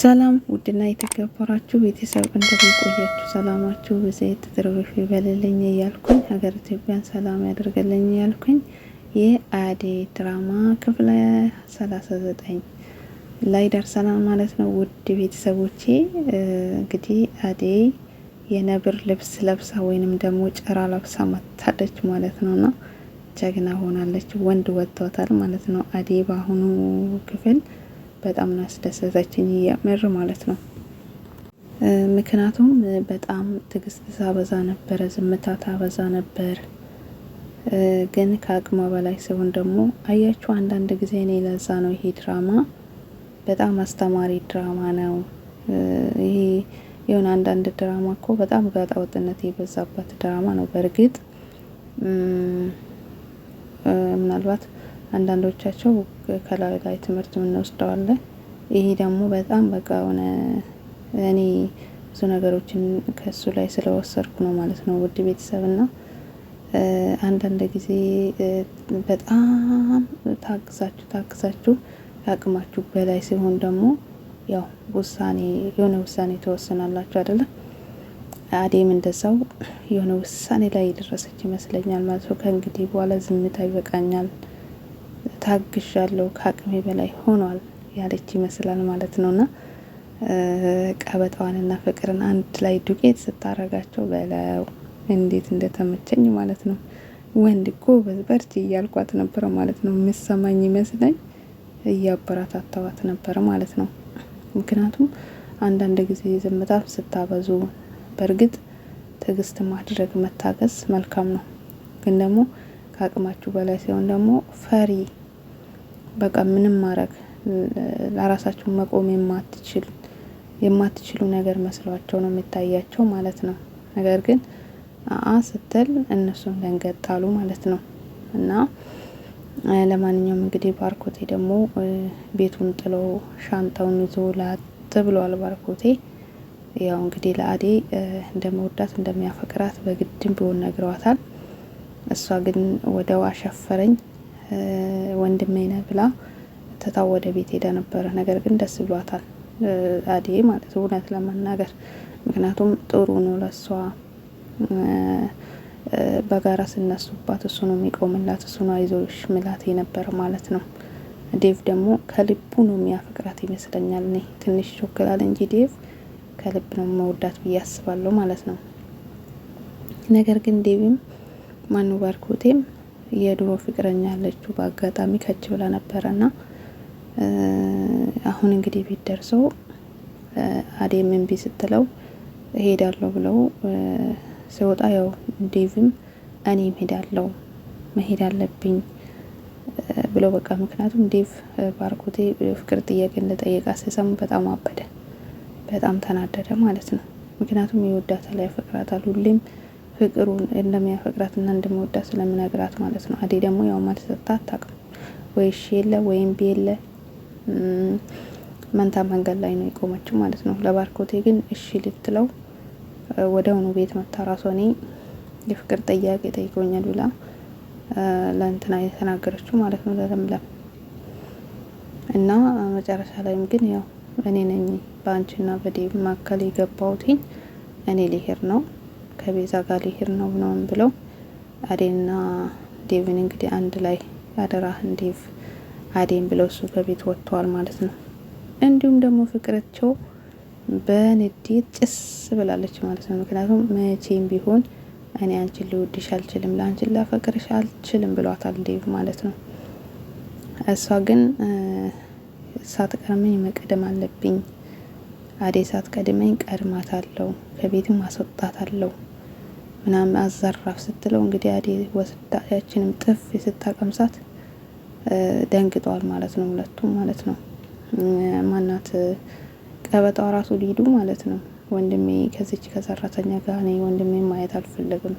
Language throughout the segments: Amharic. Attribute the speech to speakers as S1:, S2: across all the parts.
S1: ሰላም ውድና የተከበራችሁ ቤተሰብ እንደምንቆያችሁ ሰላማችሁ ብዘት ትርፍ ይበልልኝ እያልኩኝ ሀገር ኢትዮጵያን ሰላም ያደርገልኝ እያልኩኝ የአደይ ድራማ ክፍለ ሰላሳ ዘጠኝ ላይ ደርሰናል ማለት ነው። ውድ ቤተሰቦቼ እንግዲህ አዴ የነብር ልብስ ለብሳ ወይንም ደግሞ ጭራ ለብሳ መታለች ማለት ነውና ጀግና ሆናለች። ወንድ ወጥቷታል ማለት ነው። አዴ በአሁኑ ክፍል በጣም ነው ያስደሰተችኝ የምር ማለት ነው። ምክንያቱም በጣም ትግስት ሳበዛ ነበረ፣ ዝምታ ታበዛ ነበር። ግን ከአቅሟ በላይ ሲሆን ደግሞ አያችሁ፣ አንዳንድ ጊዜ እኔ ለዛ ነው ይሄ ድራማ በጣም አስተማሪ ድራማ ነው። ይሄ የሆነ አንዳንድ ድራማ እኮ በጣም ጋጣወጥነት ወጥነት የበዛባት ድራማ ነው። በእርግጥ ምናልባት አንዳንዶቻቸው ከላዩ ላይ ትምህርት የምንወስደዋለን። ይሄ ደግሞ በጣም በቃ ሆነ እኔ ብዙ ነገሮችን ከሱ ላይ ስለወሰድኩ ነው ማለት ነው። ውድ ቤተሰብና አንዳንድ ጊዜ በጣም ታግዛችሁ ታግዛችሁ ከአቅማችሁ በላይ ሲሆን ደግሞ ያው ውሳኔ የሆነ ውሳኔ ተወስናላችሁ አይደለም። አዴም እንደዛው የሆነ ውሳኔ ላይ የደረሰች ይመስለኛል ማለት ነው። ከእንግዲህ በኋላ ዝምታ ይበቃኛል ታግሻለሁ ከአቅሜ በላይ ሆኗል ያለች ይመስላል ማለት እና ቀበጣዋንና ፍቅርን አንድ ላይ ዱቄት ስታረጋቸው በለው እንዴት እንደተመቸኝ ማለት ነው። ወንድ ጎበዝ በርቺ እያልኳት ነበረ ማለት ነው። የምሰማኝ ይመስለኝ እያበረታታዋት ነበረ ማለት ነው። ምክንያቱም አንዳንድ ጊዜ ዝምታም ስታበዙ፣ በእርግጥ ትዕግስት ማድረግ መታገስ መልካም ነው። ግን ደግሞ ከአቅማችሁ በላይ ሲሆን ደግሞ ፈሪ በቃ ምንም ማድረግ ለራሳችሁ መቆም የማትችል የማትችሉ ነገር መስሏቸው ነው የሚታያቸው ማለት ነው። ነገር ግን አአ ስትል እነሱን ደንገጣሉ ማለት ነው። እና ለማንኛውም እንግዲህ ባርኮቴ ደግሞ ቤቱን ጥሎ ሻንጣውን ይዞ ላጥ ብሏል። ባርኮቴ ያው እንግዲህ ለአዴ እንደመወዳት እንደሚያፈቅራት በግድም ቢሆን ነግረዋታል። እሷ ግን ወደው አሸፈረኝ ወንድሜ ነህ ብላ ትታ ወደ ቤት ሄዳ ነበረ። ነገር ግን ደስ ብሏታል አዴ ማለት እውነት ለመናገር ምክንያቱም ጥሩ ነው ለሷ በጋራ ስነሱባት እሱ ነው የሚቆምላት፣ እሱ ነው አይዞሽ ምላት የነበረ ማለት ነው። ዴቭ ደግሞ ከልቡ ነው የሚያፈቅራት ይመስለኛል። እኔ ትንሽ ይቾክላል እንጂ ዴቭ ከልብ ነው መወዳት ብዬ አስባለሁ ማለት ነው። ነገር ግን ዴቪም ማኑ ባርኮቴም የድሮ ፍቅረኛ ያለችው በአጋጣሚ ከች ብላ ነበረ እና አሁን እንግዲህ ቤት አዴም እምቢ ስትለው እሄዳለሁ ብለው ሲወጣ ያው ዴቭም እኔም ሄዳለሁ መሄድ አለብኝ ብለው በቃ ምክንያቱም ዴቭ ባርኮቴ ፍቅር ጥያቄ እንደጠየቃ ሲሰሙ በጣም አበደ፣ በጣም ተናደደ ማለት ነው። ምክንያቱም ይወዳታል፣ ያፈቅራታል ሁሌም ፍቅሩን እንደሚያፈቅራት እና እንደሚወዳት ስለምነግራት ማለት ነው። አዴ ደግሞ ያው ማለት ሰጥታ አታውቅም። ወይ እሺ የለ ወይም ቢ የለ መንታ መንገድ ላይ ነው የቆመችው ማለት ነው። ለባርኮቴ ግን እሺ ልትለው ወደውኑ ቤት መታ ራሷ እኔ የፍቅር ጥያቄ ጠይቆኛል ብላ ለእንትና የተናገረችው ማለት ነው ለለምለም እና መጨረሻ ላይም ግን ያው እኔ ነኝ በአንቺና በዴ መካከል የገባሁትኝ እኔ ሊሄድ ነው ከቤዛ ጋር ሊሄድ ነው ምናምን ብለው አዴና ዴቪን እንግዲህ አንድ ላይ ያደራህን ዴቭ አዴን ብለው እሱ ከቤት ወጥተዋል ማለት ነው። እንዲሁም ደግሞ ፍቅራቸው በንዴት ጭስ ብላለች ማለት ነው። ምክንያቱም መቼም ቢሆን እኔ አንቺን ልወድሽ አልችልም፣ ለአንቺን ላፈቅርሽ አልችልም ብሏታል ዴቭ ማለት ነው። እሷ ግን ሳትቀድመኝ መቀደም አለብኝ አዴ ሳትቀድመኝ ቀድማታለሁ፣ ከቤትም አስወጣታለሁ ምናምን አዘራፍ ስትለው እንግዲህ አዴ ወስዳያችንም ጥፍ ስታቀምሳት ደንግጠዋል ማለት ነው። ሁለቱም ማለት ነው። ማናት ቀበጣው ራሱ ሊዱ ማለት ነው። ወንድሜ ከዚች ከሰራተኛ ጋር እኔ ወንድሜ ማየት አልፈልግም።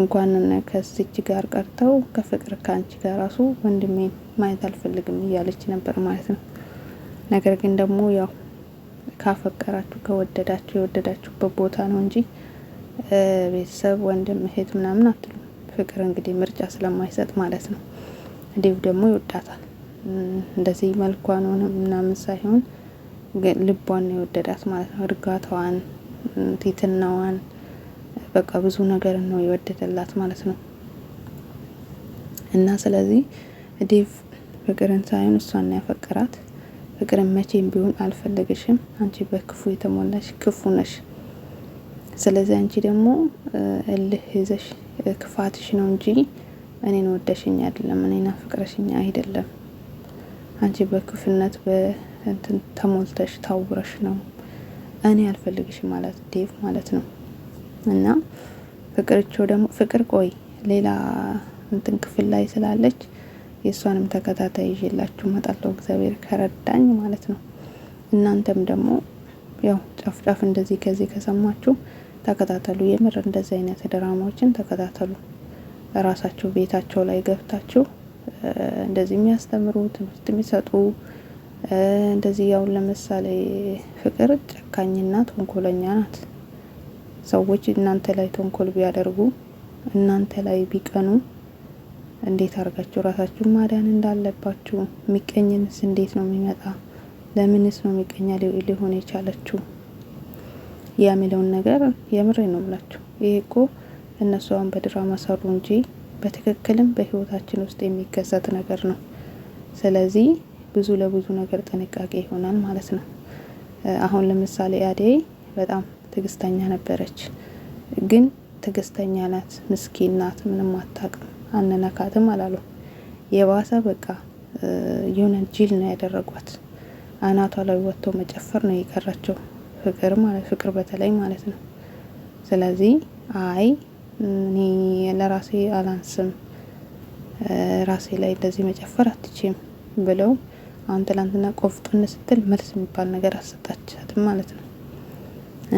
S1: እንኳን ከዚች ጋር ቀርተው ከፍቅር ከአንቺ ጋር ራሱ ወንድሜ ማየት አልፈልግም እያለች ነበር ማለት ነው። ነገር ግን ደግሞ ያው ካፈቀራችሁ ከወደዳችሁ የወደዳችሁበት ቦታ ነው እንጂ ቤተሰብ ወንድም እህት ምናምን አትሉ። ፍቅር እንግዲህ ምርጫ ስለማይሰጥ ማለት ነው። እንዲሁ ደግሞ ይወዳታል። እንደዚህ መልኳን ሆነ ምናምን ሳይሆን ልቧን ነው የወደዳት ማለት ነው። እርጋታዋን፣ ቲትናዋን በቃ ብዙ ነገር ነው የወደደላት ማለት ነው። እና ስለዚህ ዴቭ ፍቅርን ሳይሆን እሷን ነው ያፈቀራት። ፍቅርን መቼም ቢሆን አልፈልግሽም፣ አንቺ በክፉ የተሞላሽ ክፉ ነሽ ስለዚህ አንቺ ደግሞ እልህ ይዘሽ ክፋትሽ ነው እንጂ እኔን ወደሽኝ አይደለም፣ እኔን አፍቅረሽኝ አይደለም። አንቺ በክፍነት በእንትን ተሞልተሽ ታውረሽ ነው እኔ አልፈልግሽ ማለት ዴቭ ማለት ነው። እና ፍቅርቾ ደግሞ ፍቅር ቆይ ሌላ እንትን ክፍል ላይ ስላለች የእሷንም ተከታታይ ይዤላችሁ እመጣለሁ እግዚአብሔር ከረዳኝ ማለት ነው። እናንተም ደግሞ ያው ጫፍ ጫፍ እንደዚህ ከዚህ ከሰማችሁ ተከታተሉ። የምር እንደዚህ አይነት ድራማዎችን ተከታተሉ። ራሳችሁ ቤታቸው ላይ ገብታችሁ እንደዚህ የሚያስተምሩ ትምህርት የሚሰጡ እንደዚህ ያው ለምሳሌ ፍቅር ጨካኝና ተንኮለኛ ናት። ሰዎች እናንተ ላይ ተንኮል ቢያደርጉ እናንተ ላይ ቢቀኑ እንዴት አድርጋችሁ ራሳችሁን ማዳን እንዳለባችሁ፣ የሚቀኝንስ እንዴት ነው የሚመጣ? ለምንስ ነው የሚቀኛ ሊሆን የቻለችው? የሚለውን ነገር የምሬ ነው ብላችሁ ይሄ እኮ እነሱ አሁን በድራማ ሰሩ እንጂ በትክክልም በህይወታችን ውስጥ የሚከሰት ነገር ነው። ስለዚህ ብዙ ለብዙ ነገር ጥንቃቄ ይሆናል ማለት ነው። አሁን ለምሳሌ አደይ በጣም ትግስተኛ ነበረች፣ ግን ትግስተኛ ናት፣ ምስኪን ናት፣ ምንም አታውቅም፣ አንነካትም አላሉ። የባሰ በቃ የሆነ ጅል ነው ያደረጓት። አናቷ ላይ ወጥቶ መጨፈር ነው የቀራቸው። ፍቅር ማለት ፍቅር በተለይ ማለት ነው። ስለዚህ አይ እኔ ለራሴ አላንስም፣ ራሴ ላይ እንደዚህ መጨፈር አትችም ብለው አሁን ትላንትና ቆፍጡን ስትል መልስ የሚባል ነገር አሰጣቻትም ማለት ነው።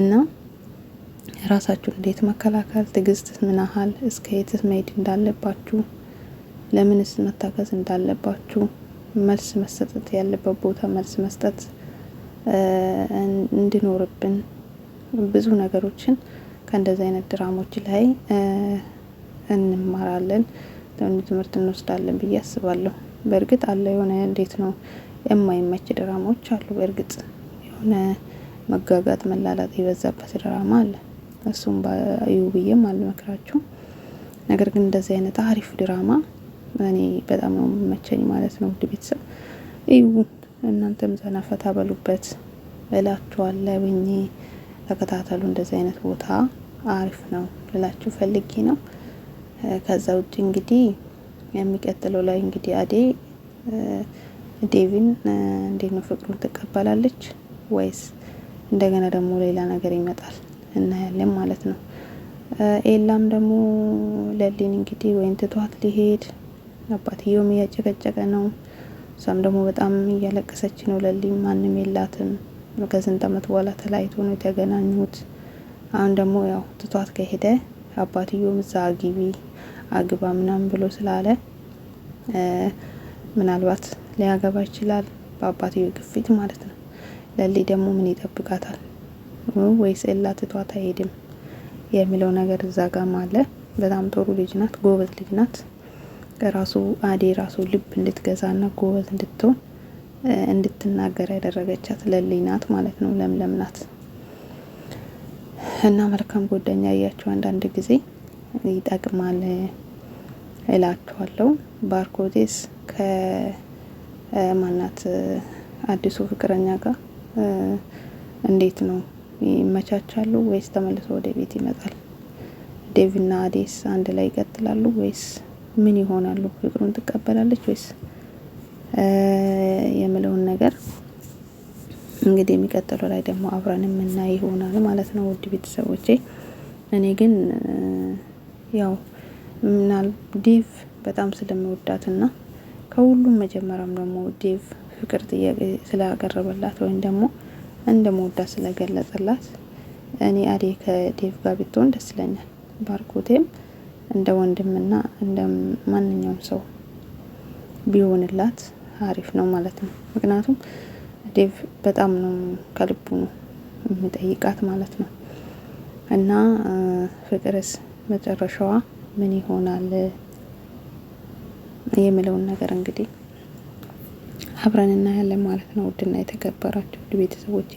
S1: እና ራሳችሁን እንዴት መከላከል፣ ትግስት ምን ያህል እስከ የትስ መሄድ እንዳለባችሁ፣ ለምንስ መታገዝ እንዳለባችሁ መልስ መሰጠት ያለበት ቦታ መልስ መስጠት እንድኖርብን ብዙ ነገሮችን ከእንደዚህ አይነት ድራሞች ላይ እንማራለን፣ ለምን ትምህርት እንወስዳለን ብዬ አስባለሁ። በእርግጥ አለ የሆነ እንዴት ነው የማይመች ድራማዎች አሉ። በእርግጥ የሆነ መጋጋጥ መላላጥ የበዛበት ድራማ አለ። እሱም ባዩ ብዬም አልመክራችሁ። ነገር ግን እንደዚህ አይነት አሪፍ ድራማ እኔ በጣም ነው የምመቸኝ ማለት ነው። ውድ ቤተሰብ እዩ። እናንተም ዘና ፈታ በሉበት ወኝ ተከታተሉ። እንደዚህ አይነት ቦታ አሪፍ ነው ልላችሁ ፈልጌ ነው። ከዛ ውጭ እንግዲህ የሚቀጥለው ላይ እንግዲህ አዴ ዴቪን እንዴት ነው ፍቅሩን ትቀበላለች ወይስ እንደገና ደግሞ ሌላ ነገር ይመጣል? እናያለን ማለት ነው። ኤላም ደግሞ ለሊን እንግዲህ ወይን ትቷት ሊሄድ አባትየውም እያጨቀጨቀ ነው። እሷም ደግሞ በጣም እያለቀሰች ነው። ለልኝ ማንም የላትም። ከስንት ዓመት በኋላ ተለያይቶ ነው የተገናኙት። አሁን ደግሞ ያው ትቷት ከሄደ አባትዮም እዛ አግቢ አግባ ምናምን ብሎ ስላለ ምናልባት ሊያገባ ይችላል፣ በአባትዮ ግፊት ማለት ነው። ለሊ ደግሞ ምን ይጠብቃታል? ወይስ ኤላ ትቷት አይሄድም የሚለው ነገር እዛ ጋም አለ። በጣም ጥሩ ልጅ ናት፣ ጎበዝ ልጅ ናት። ከራሱ አዴ ራሱ ልብ እንድትገዛና ጎበዝ እንድትሆን እንድትናገር ያደረገቻት ለልይ ናት ማለት ነው። ለምለም ናት እና መልካም ጓደኛ እያቸው አንዳንድ ጊዜ ይጠቅማል እላቸዋለሁ ባርኮቴስ ከማናት አዲሱ ፍቅረኛ ጋር እንዴት ነው ይመቻቻሉ? ወይስ ተመልሶ ወደ ቤት ይመጣል? ዴቪና አዴስ አንድ ላይ ይቀጥላሉ ወይስ ምን ይሆናሉ? ፍቅሩን ትቀበላለች ወይስ የምለውን ነገር እንግዲህ የሚቀጥለው ላይ ደግሞ አብረን የምናይ ይሆናል ማለት ነው። ውድ ቤተሰቦቼ እኔ ግን ያው ምናል ዴቭ በጣም ስለምወዳትና ከሁሉም መጀመሪያም ደግሞ ዴቭ ፍቅር ጥያቄ ስላቀረበላት ወይም ደግሞ እንደምወዳት ስለገለጸላት እኔ አዴ ከዴቭ ጋር ብትሆን ደስ ይለኛል። ባርኮቴም እንደ ወንድምና እንደ ማንኛውም ሰው ቢሆንላት አሪፍ ነው ማለት ነው። ምክንያቱም ዴቭ በጣም ነው ከልቡ ነው የሚጠይቃት ማለት ነው። እና ፍቅርስ መጨረሻዋ ምን ይሆናል የሚለውን ነገር እንግዲህ አብረን እናያለን ማለት ነው። ውድና የተከበራችሁ ውድ ቤተሰቦቼ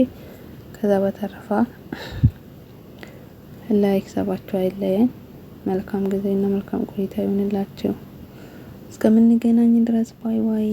S1: ከዛ በተረፋ ላይክ ሰባችሁ አይለየን። መልካም ጊዜና መልካም ቆይታ ይሆንላችሁ። እስከምንገናኝ ድረስ ባይ ባይ።